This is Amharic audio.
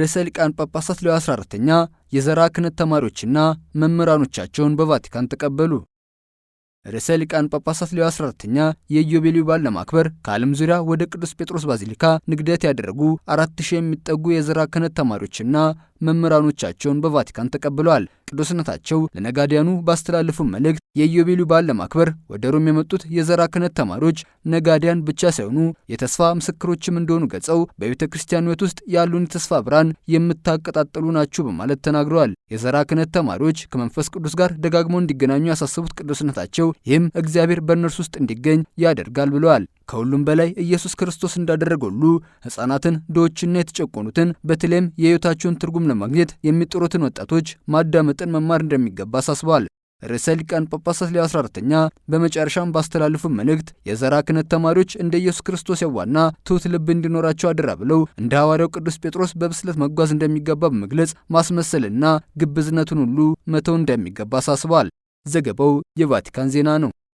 ርዕሰ ሊቃን ጳጳሳት ሌዮ 14ኛ የዘራ ክህነት ተማሪዎችና መምህራኖቻቸውን በቫቲካን ተቀበሉ። ርዕሰ ሊቃን ጳጳሳት ሌዎ 14ኛ የኢዮቤልዩ በዓል ለማክበር ከዓለም ዙሪያ ወደ ቅዱስ ጴጥሮስ ባዚሊካ ንግደት ያደረጉ 4000 የሚጠጉ የዘራ ክህነት ተማሪዎችና መምህራኖቻቸውን በቫቲካን ተቀብለዋል። ቅዱስነታቸው ለነጋዲያኑ ባስተላለፉ መልእክት የኢዮቤልዩ በዓል ለማክበር ወደ ሮም የመጡት የዘራ ክህነት ተማሪዎች ነጋዲያን ብቻ ሳይሆኑ የተስፋ ምስክሮችም እንደሆኑ ገልጸው በቤተ ክርስቲያን ሕይወት ውስጥ ያሉን የተስፋ ብርሃን የምታቀጣጥሉ ናችሁ በማለት ተናግረዋል። የዘራ ክህነት ተማሪዎች ከመንፈስ ቅዱስ ጋር ደጋግመው እንዲገናኙ ያሳሰቡት ቅዱስነታቸው ይህም እግዚአብሔር በእነርሱ ውስጥ እንዲገኝ ያደርጋል ብለዋል። ከሁሉም በላይ ኢየሱስ ክርስቶስ እንዳደረገ ሁሉ ሕፃናትን፣ ድሆችና የተጨቆኑትን በተለይም የሕይወታቸውን ትርጉም ለማግኘት የሚጥሩትን ወጣቶች ማዳመጥን መማር እንደሚገባ አሳስበዋል። ርዕሰ ሊቃነ ጳጳሳት ሌዮ 14ኛ በመጨረሻም ባስተላለፉ መልእክት የዘራ ክህነት ተማሪዎች እንደ ኢየሱስ ክርስቶስ የዋና ትሑት ልብ እንዲኖራቸው አደራ ብለው እንደ ሐዋርያው ቅዱስ ጴጥሮስ በብስለት መጓዝ እንደሚገባ በመግለጽ ማስመሰልና ግብዝነቱን ሁሉ መተው እንደሚገባ አሳስበዋል። ዘገባው የቫቲካን ዜና ነው።